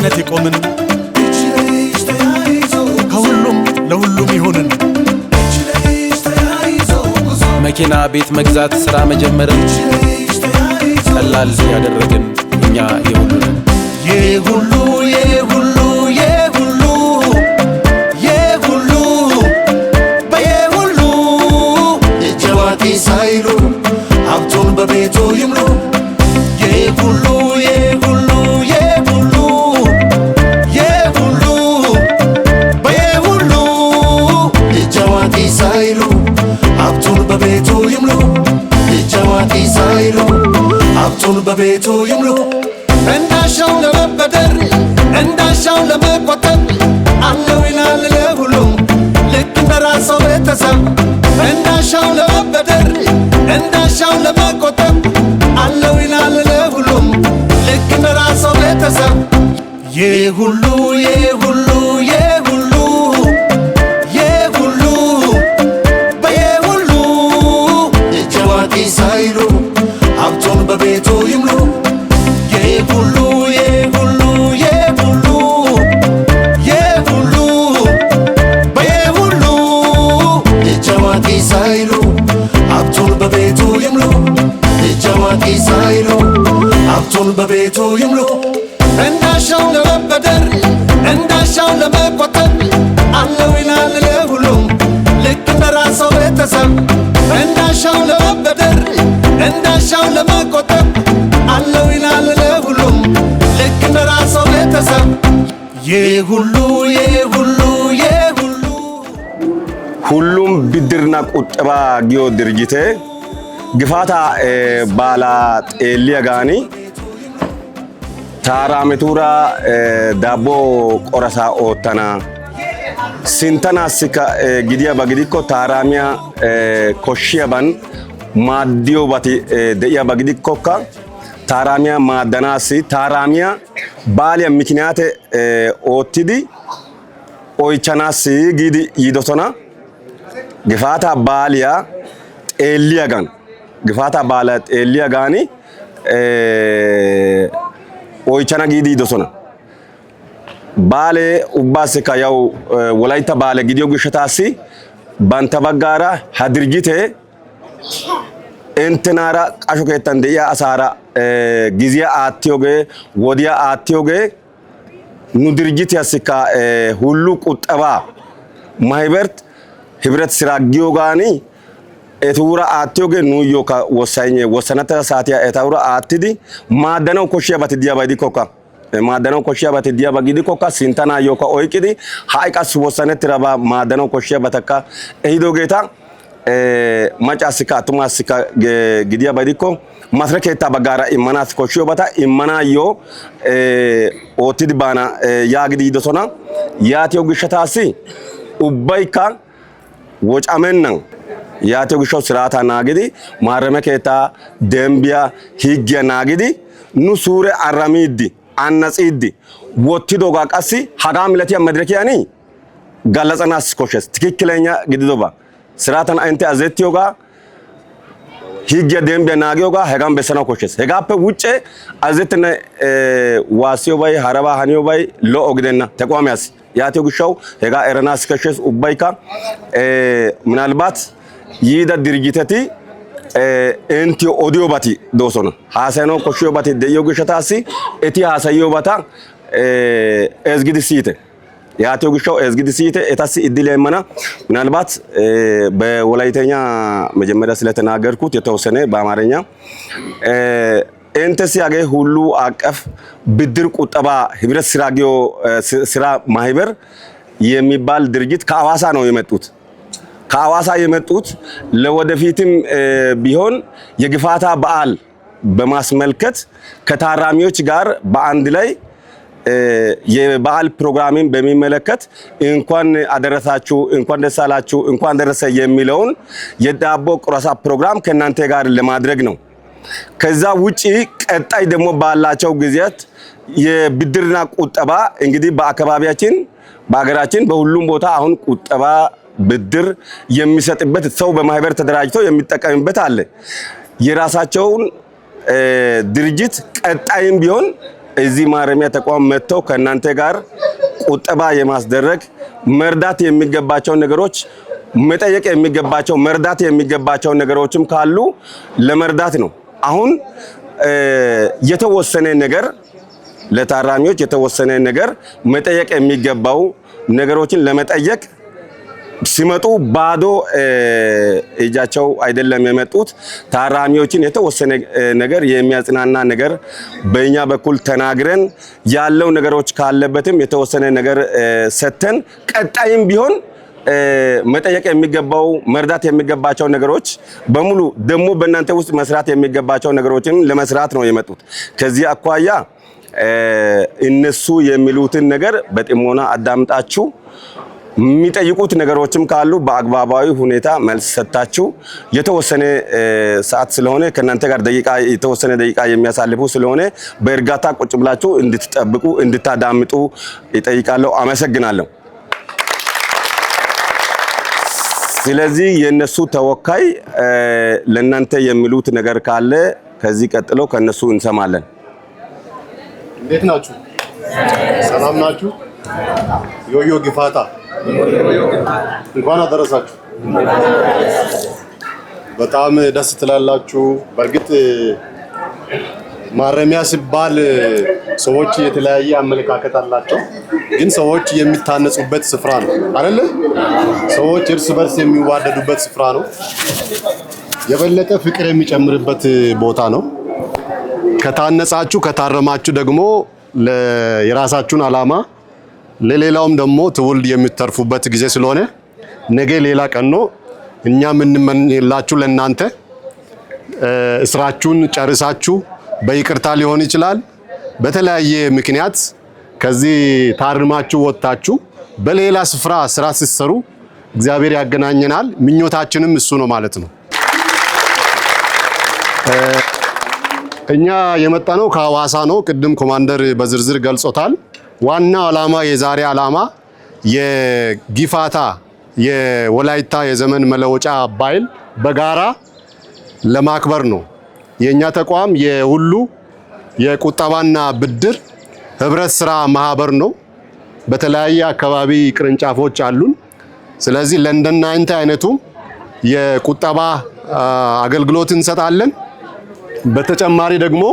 በአንድነት የቆምን ከሁሉም ለሁሉም ይሆንን መኪና፣ ቤት መግዛት፣ ሥራ መጀመርን ቀላል ያደረግን ራሱን በቤቱ ይምሉ። እንዳሻው ለመበደር እንዳሻው ለመቆጠብ አለው ይላል ለሁሉም ልክ እንደ ራሱ ቤተሰብ እንዳሻው ለመበደር እንዳሻው ለመቆጠብ አለው ይላል ለሁሉም ልክ እንደ ራሱ ቤተሰብ ይህ ሁሉ ይህ ሁሉ መጨረሻው ለመቆጠብ አለው ይላል ለሁሉም ልክ እንደራሰው ቤተሰብ እንዳሻው ለመበደር እንዳሻው ለመቆጠብ አለው ይላል ለሁሉም ልክ እንደራሰው ቤተሰብ የሁሉ የሁሉ የሁሉ ሁሉም ብድርና ቁጠባ ግዮ ድርጅቴ ግፋታ ባላ ጤሊያ ጋኒ ታራሜቱራ ዳቦ ቆረሳ ኦተና ስንተናስከ gidiyaaba gidikko taaraamiya koshshiyaban maaddiyobati de'iyaaba gidikkokka taaraamiya maaddanaassi taaraamiya baaliya mikiniyaate oottidi oychchanaassi giidi yiidosona gifaataa baaliya xeelliyagan gifaataa baaliya xeelliyagan oychana giidi yidosona baale ubbaasikka yaw wolaytta baale gidiyo gishshataassi bantta baggaara ha dirjitee inttenaara qasho keettan de'iya asaara giziya aattiyoogee wodiya aattiyoogee nu dirjitiyassikka hullu quxabaa maybert hibret sira giyogaani etuura aattiyoogee nuuyyo wosanattiya saatiya etuura aattidi maaddanawu koshshiyabati diyaba gidikkokka maaddanawu koshshiyabati diyaba gidikkokka sinttanaayyookka oyqqidi ha'i qassi wosanettirabaa maaddanawu koshshiyabatakka ehidoogeeta maccaasikka attumaasikka gidiyaba gidikko masira keettaa baggaara immanaassi koshshiyobata immanaayyo oottidi baana yaagidi yidosona yaatiyo gishshataassi ubbaykka wocamennan Yaatee gishoo siraataa naagidi maarame keettaa dembiya higgiya naagidi nu suure aramiiddi annatsiiddi wottidoogaa qassi hagaa milatiya madirikiyani gallatsanaassi koshshees. Tikikkilenya gididoba siraatan intte azazettiyogaa higgiya dembiya naagiyogaa hegan bessanawu koshshees. Hegaappe wucce azazettenna waassiyobay harabaa haniyobay lo'o gidenna tequwamiyassi. Yaatiyo gishshawu hegaa eranaassi koshshees ubbaykka ee, ምናልባት ይዳ ድርጅተቲ እንትዮ ኦዲዮባቲ ዶሶና ሀሳይኖ ኮሽዮባቲ ደዮ ግሸታሲ እቲ ሀሳዮባታ እዝግድ ሲይተ ያቴው ግሻው እዝግድ ሲይተ እታሲ እድል የመና ምናልባት በወላይተኛ መጀመሪያ ስለተናገርኩት የተወሰነ በአማርኛ ኤንተሲ ያገ ሁሉ አቀፍ ብድር ቁጠባ ህብረት ስራ ማህበር የሚባል ድርጅት ከአዋሳ ነው የመጡት። ከአዋሳ የመጡት ለወደፊትም ቢሆን የግፋታ በዓል በማስመልከት ከታራሚዎች ጋር በአንድ ላይ የበዓል ፕሮግራምን በሚመለከት እንኳን አደረሳችሁ፣ እንኳን ደስ አላችሁ፣ እንኳን ደረሰ የሚለውን የዳቦ ቁረሳ ፕሮግራም ከእናንተ ጋር ለማድረግ ነው። ከዛ ውጪ ቀጣይ ደግሞ ባላቸው ጊዜያት የብድርና ቁጠባ እንግዲህ በአካባቢያችን በሀገራችን በሁሉም ቦታ አሁን ቁጠባ ብድር የሚሰጥበት ሰው በማህበር ተደራጅቶ የሚጠቀምበት አለ። የራሳቸውን ድርጅት ቀጣይም ቢሆን እዚህ ማረሚያ ተቋም መጥተው ከእናንተ ጋር ቁጠባ የማስደረግ መርዳት የሚገባቸውን ነገሮች መጠየቅ የሚገባቸው መርዳት የሚገባቸው ነገሮችም ካሉ ለመርዳት ነው። አሁን የተወሰነ ነገር ለታራሚዎች የተወሰነ ነገር መጠየቅ የሚገባው ነገሮችን ለመጠየቅ ሲመጡ ባዶ እጃቸው አይደለም የመጡት። ታራሚዎችን የተወሰነ ነገር የሚያጽናና ነገር በእኛ በኩል ተናግረን ያለው ነገሮች ካለበትም የተወሰነ ነገር ሰተን ቀጣይም ቢሆን መጠየቅ የሚገባው መርዳት የሚገባቸው ነገሮች በሙሉ ደግሞ በእናንተ ውስጥ መስራት የሚገባቸው ነገሮችን ለመስራት ነው የመጡት። ከዚህ አኳያ እነሱ የሚሉትን ነገር በጥሞና አዳምጣችሁ የሚጠይቁት ነገሮችም ካሉ በአግባባዊ ሁኔታ መልስ ሰጥታችሁ የተወሰነ ሰዓት ስለሆነ ከእናንተ ጋር ደቂቃ የተወሰነ ደቂቃ የሚያሳልፉ ስለሆነ በእርጋታ ቁጭ ብላችሁ እንድትጠብቁ እንድታዳምጡ ይጠይቃለሁ። አመሰግናለሁ። ስለዚህ የእነሱ ተወካይ ለእናንተ የሚሉት ነገር ካለ ከዚህ ቀጥሎ ከእነሱ እንሰማለን። እንዴት ናችሁ? ሰላም ናችሁ? ዮዮ ግፋታ እንኳን አደረሳችሁ። በጣም ደስ ትላላችሁ። በእርግጥ ማረሚያ ሲባል ሰዎች የተለያየ አመለካከት አላቸው፣ ግን ሰዎች የሚታነጹበት ስፍራ ነው አይደለ? ሰዎች እርስ በርስ የሚዋደዱበት ስፍራ ነው። የበለጠ ፍቅር የሚጨምርበት ቦታ ነው። ከታነጻችሁ ከታረማችሁ ደግሞ የራሳችሁን አላማ ። ለሌላውም ደግሞ ትውልድ የምትተርፉበት ጊዜ ስለሆነ ነገ ሌላ ቀን ነው። እኛ የምንመኝላችሁ ለእናንተ ስራችሁን ጨርሳችሁ በይቅርታ ሊሆን ይችላል፣ በተለያየ ምክንያት ከዚህ ታርማችሁ ወጥታችሁ በሌላ ስፍራ ስራ ሲሰሩ እግዚአብሔር ያገናኘናል። ምኞታችንም እሱ ነው ማለት ነው። እኛ የመጣ ነው ከሐዋሳ ነው። ቅድም ኮማንደር በዝርዝር ገልጾታል። ዋናው ዓላማ የዛሬ ዓላማ የጊፋታ የወላይታ የዘመን መለወጫ ባይል በጋራ ለማክበር ነው። የእኛ ተቋም የሁሉ የቁጠባና ብድር ህብረት ስራ ማህበር ነው። በተለያየ አካባቢ ቅርንጫፎች አሉን። ስለዚህ ለእንደናንተ አይነቱም የቁጠባ አገልግሎት እንሰጣለን። በተጨማሪ ደግሞ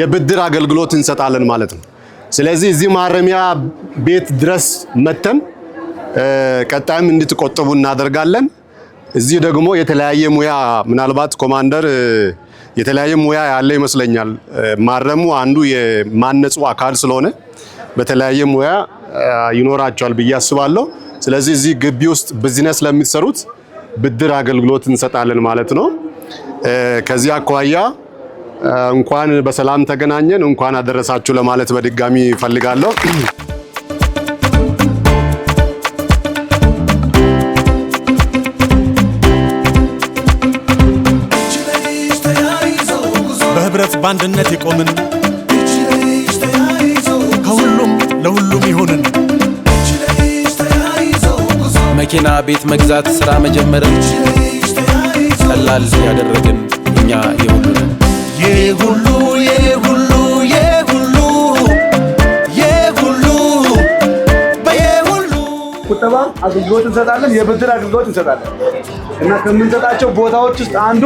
የብድር አገልግሎት እንሰጣለን ማለት ነው። ስለዚህ እዚህ ማረሚያ ቤት ድረስ መተን ቀጣይም እንድትቆጠቡ እናደርጋለን። እዚህ ደግሞ የተለያየ ሙያ ምናልባት ኮማንደር የተለያየ ሙያ ያለ ይመስለኛል። ማረሙ አንዱ የማነጹ አካል ስለሆነ በተለያየ ሙያ ይኖራቸዋል ብዬ አስባለሁ። ስለዚህ እዚህ ግቢ ውስጥ ቢዝነስ ለሚሰሩት ብድር አገልግሎት እንሰጣለን ማለት ነው። ከዚህ አኳያ እንኳን በሰላም ተገናኘን፣ እንኳን አደረሳችሁ ለማለት በድጋሚ እፈልጋለሁ። በህብረት በአንድነት የቆምን ከሁሉም ለሁሉም ይሆንን መኪና፣ ቤት መግዛት፣ ስራ መጀመርን ቀላል ያደረግን እኛ የሁሉንን የሁሉ የሁሉ የሁሉ የሁሉ በየሁሉ ቁጠባ አገልግሎት እንሰጣለን፣ የብድር አገልግሎት እንሰጣለን እና ከምንሰጣቸው ቦታዎች ውስጥ አንዱ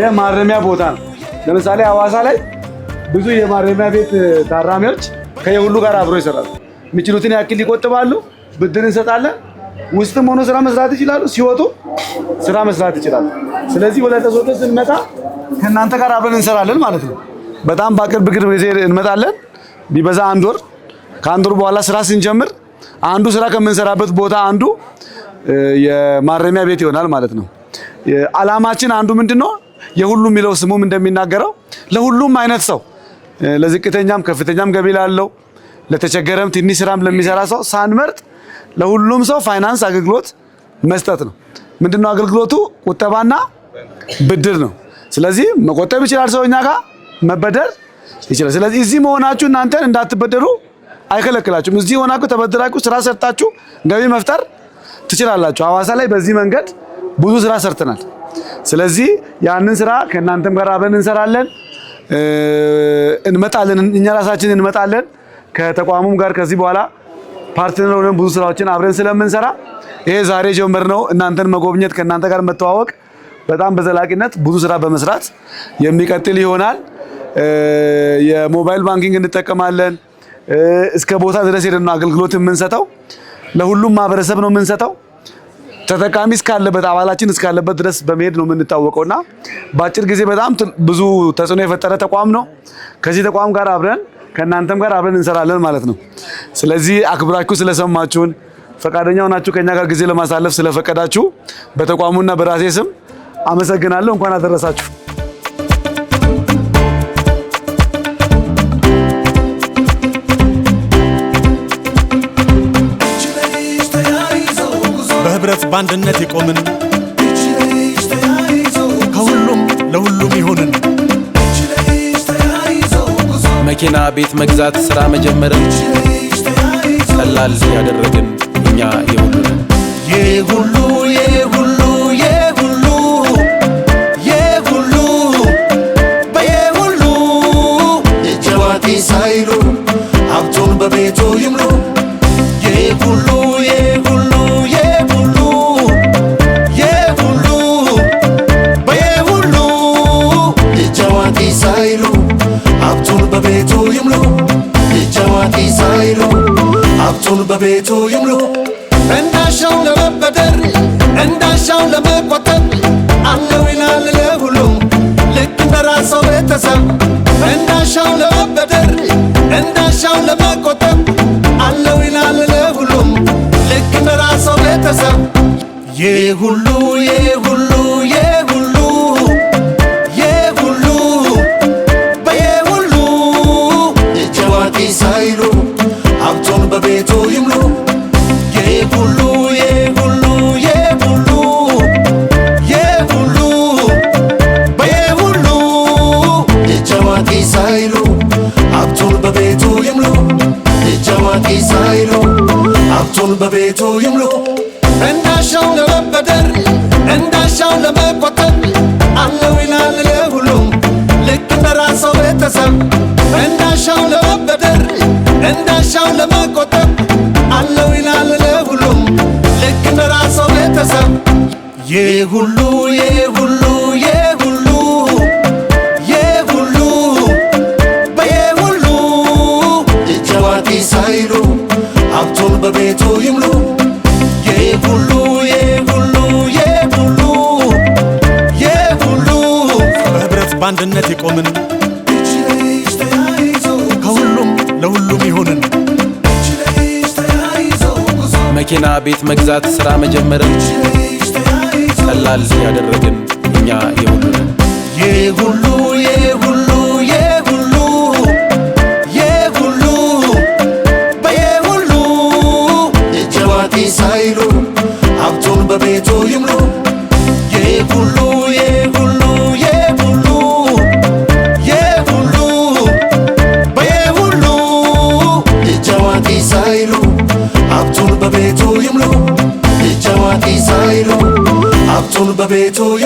የማረሚያ ቦታ ነው። ለምሳሌ ሐዋሳ ላይ ብዙ የማረሚያ ቤት ታራሚዎች ከየሁሉ ጋር አብሮ ይሰራሉ። የሚችሉትን ያክል ይቆጥባሉ፣ ብድር እንሰጣለን። ውስጥም ሆኖ ስራ መስራት ይችላሉ፣ ሲወጡ ስራ መስራት ይችላሉ። ስለዚህ ወደ ተሶቶ ስንመጣ ከእናንተ ጋር አብረን እንሰራለን ማለት ነው። በጣም በቅርብ ቅርብ ጊዜ እንመጣለን። ቢበዛ አንድ ወር ከአንድ ወር በኋላ ስራ ስንጀምር አንዱ ስራ ከምንሰራበት ቦታ አንዱ የማረሚያ ቤት ይሆናል ማለት ነው። አላማችን አንዱ ምንድን ነው? የሁሉም የሚለው ስሙም እንደሚናገረው ለሁሉም አይነት ሰው ለዝቅተኛም ከፍተኛም ገቢ ላለው ለተቸገረም ትንሽ ስራም ለሚሰራ ሰው ሳንመርጥ ለሁሉም ሰው ፋይናንስ አገልግሎት መስጠት ነው። ምንድነው አገልግሎቱ? ቁጠባና ብድር ነው። ስለዚህ መቆጠብ ይችላል ሰው እኛ ጋር መበደር ይችላል። ስለዚህ እዚህ መሆናችሁ እናንተን እንዳትበደሩ አይከለክላችሁም። እዚህ ሆናችሁ ተበድራችሁ ስራ ሰርታችሁ ገቢ መፍጠር ትችላላችሁ። ሐዋሳ ላይ በዚህ መንገድ ብዙ ስራ ሰርተናል። ስለዚህ ያንን ስራ ከእናንተም ጋር አብረን እንሰራለን፣ እንመጣለን፣ እኛ ራሳችን እንመጣለን። ከተቋሙም ጋር ከዚህ በኋላ ፓርትነር ሆነን ብዙ ስራዎችን አብረን ስለምንሰራ ይሄ ዛሬ ጀምር ነው እናንተን መጎብኘት ከእናንተ ጋር መተዋወቅ በጣም በዘላቂነት ብዙ ስራ በመስራት የሚቀጥል ይሆናል። የሞባይል ባንኪንግ እንጠቀማለን። እስከ ቦታ ድረስ ሄደን አገልግሎት የምንሰጠው ለሁሉም ማህበረሰብ ነው የምንሰጠው። ተጠቃሚ እስካለበት አባላችን እስካለበት ድረስ በመሄድ ነው እና በአጭር ጊዜ በጣም ብዙ ተጽዕኖ የፈጠረ ተቋም ነው። ከዚህ ተቋም ጋር አብረን ከእናንተም ጋር አብረን እንሰራለን ማለት ነው። ስለዚህ አክብራችሁ ስለሰማችሁን ፈቃደኛ ሆናችሁ ከኛ ጋር ጊዜ ለማሳለፍ ስለፈቀዳችሁ በተቋሙና በራሴ ስም አመሰግናለሁ። እንኳን አደረሳችሁ። በህብረት በአንድነት የቆምን ከሁሉም ለሁሉም ይሆንን መኪና፣ ቤት መግዛት፣ ሥራ መጀመርን ቀላል ያደረግን እኛ የሁሉ የሁሉ ቤቱ ይምሉ እንዳሻው ለመበደር እንዳሻው ለመቆጠብ አለው ይላል ለሁሉም ልክ እንደራሰው ቤተሰብ እንዳሻው ለመበደር እንዳሻው ለመቆጠብ አለው ይላል ለሁሉም ልክ እንደራሰው ቤተሰብ ይህ ሁሉ መጨረሻውን ለመቆጠብ አለው ይላል ለሁሉም ልክ እንደራሱ ቤተሰብ የሁሉ የሁሉ የሁሉ የሁሉ በየሁሉ እጨዋቂ ሳይሉ ሀብቱን በቤቱ ይምሉ የሁሉ የሁሉ የሁሉ የሁሉ በህብረት በአንድነት የቆምን ለሁሉም ይሁንን። መኪና፣ ቤት መግዛት፣ ሥራ መጀመርን ቀላል ያደረግን እኛ የሁሉንን የሁሉ የሁሉ የሁሉ የሁሉ በየሁሉ እጅ አዋቂ ሳይሉ ሀብቱን በቤቱ ይምሉ የሁሉ 别走远。